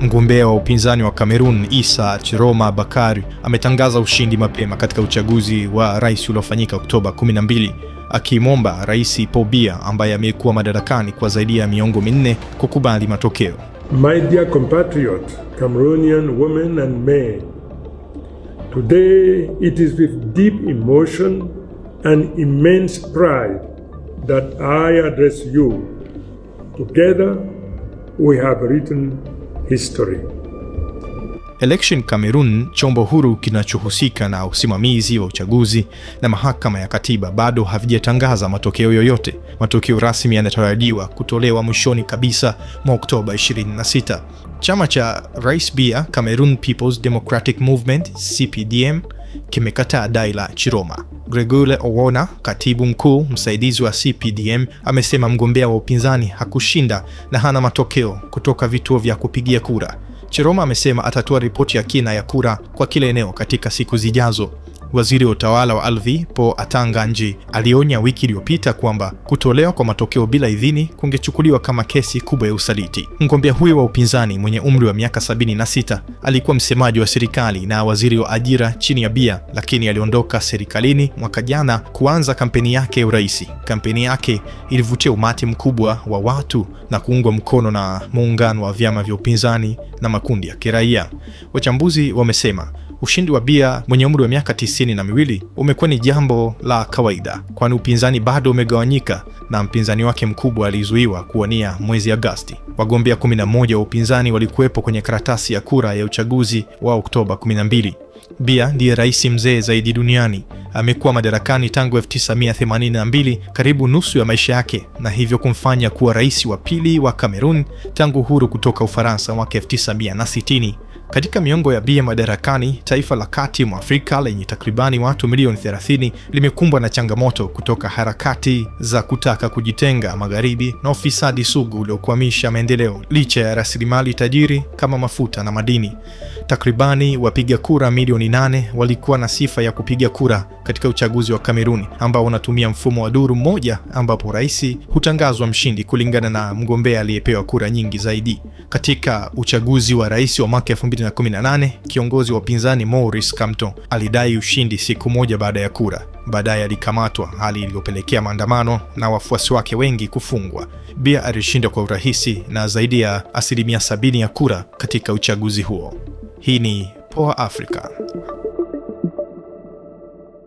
Mgombea wa upinzani wa Kamerun Isa Chiroma Bakari ametangaza ushindi mapema katika uchaguzi wa rais uliofanyika Oktoba 12 akimwomba Rais Paul Biya ambaye amekuwa madarakani kwa zaidi ya miongo minne kukubali matokeo. My dear compatriot, Cameroonian women and men. Today it is with deep emotion and immense pride that I address you. Together we have written history. Election Cameroon, chombo huru kinachohusika na usimamizi wa uchaguzi na mahakama ya katiba, bado havijatangaza matokeo yoyote. Matokeo rasmi yanatarajiwa kutolewa mwishoni kabisa mwa Oktoba 26. Chama cha Rais bia Cameroon People's Democratic Movement, CPDM kimekataa dai la Chiroma. Gregule Owona, katibu mkuu msaidizi wa CPDM, amesema mgombea wa upinzani hakushinda na hana matokeo kutoka vituo vya kupigia kura. Chiroma amesema atatoa ripoti ya kina ya kura kwa kila eneo katika siku zijazo waziri wa utawala wa ardhi Po Atanga Nji alionya wiki iliyopita kwamba kutolewa kwa matokeo bila idhini kungechukuliwa kama kesi kubwa ya usaliti. Mgombea huyo wa upinzani mwenye umri wa miaka 76 alikuwa msemaji wa serikali na waziri wa ajira chini ya Bia, lakini aliondoka serikalini mwaka jana kuanza kampeni yake ya urais. Kampeni yake ilivutia umati mkubwa wa watu na kuungwa mkono na muungano wa vyama vya upinzani na makundi ya kiraia. Wachambuzi wamesema ushindi wa Bia mwenye umri wa miaka hamsini na miwili umekuwa ni jambo la kawaida, kwani upinzani bado umegawanyika na mpinzani wake mkubwa alizuiwa kuwania mwezi Agosti. Wagombea 11 wa upinzani walikuwepo kwenye karatasi ya kura ya uchaguzi wa Oktoba 12. Bia ndiye rais mzee zaidi duniani. Amekuwa madarakani tangu 1982, karibu nusu ya maisha yake, na hivyo kumfanya kuwa rais wa pili wa Kamerun tangu uhuru kutoka Ufaransa mwaka 1960. Katika miongo ya bia madarakani, taifa la kati mwa Afrika lenye takribani watu milioni 30 limekumbwa na changamoto kutoka harakati za kutaka kujitenga magharibi na ufisadi sugu uliokwamisha maendeleo licha ya rasilimali tajiri kama mafuta na madini. Takribani wapiga kura milioni 8 walikuwa na sifa ya kupiga kura katika uchaguzi wa Kameruni ambao unatumia mfumo wa duru mmoja ambapo rais hutangazwa mshindi kulingana na mgombea aliyepewa kura nyingi zaidi. Katika uchaguzi wa rais wa mwaka 2018, kiongozi wa upinzani Maurice Kamto alidai ushindi siku moja baada ya kura. Baadaye alikamatwa, hali iliyopelekea maandamano na wafuasi wake wengi kufungwa. Bia alishinda kwa urahisi na zaidi ya asilimia sabini ya kura katika uchaguzi huo. Hii ni Poa Africa.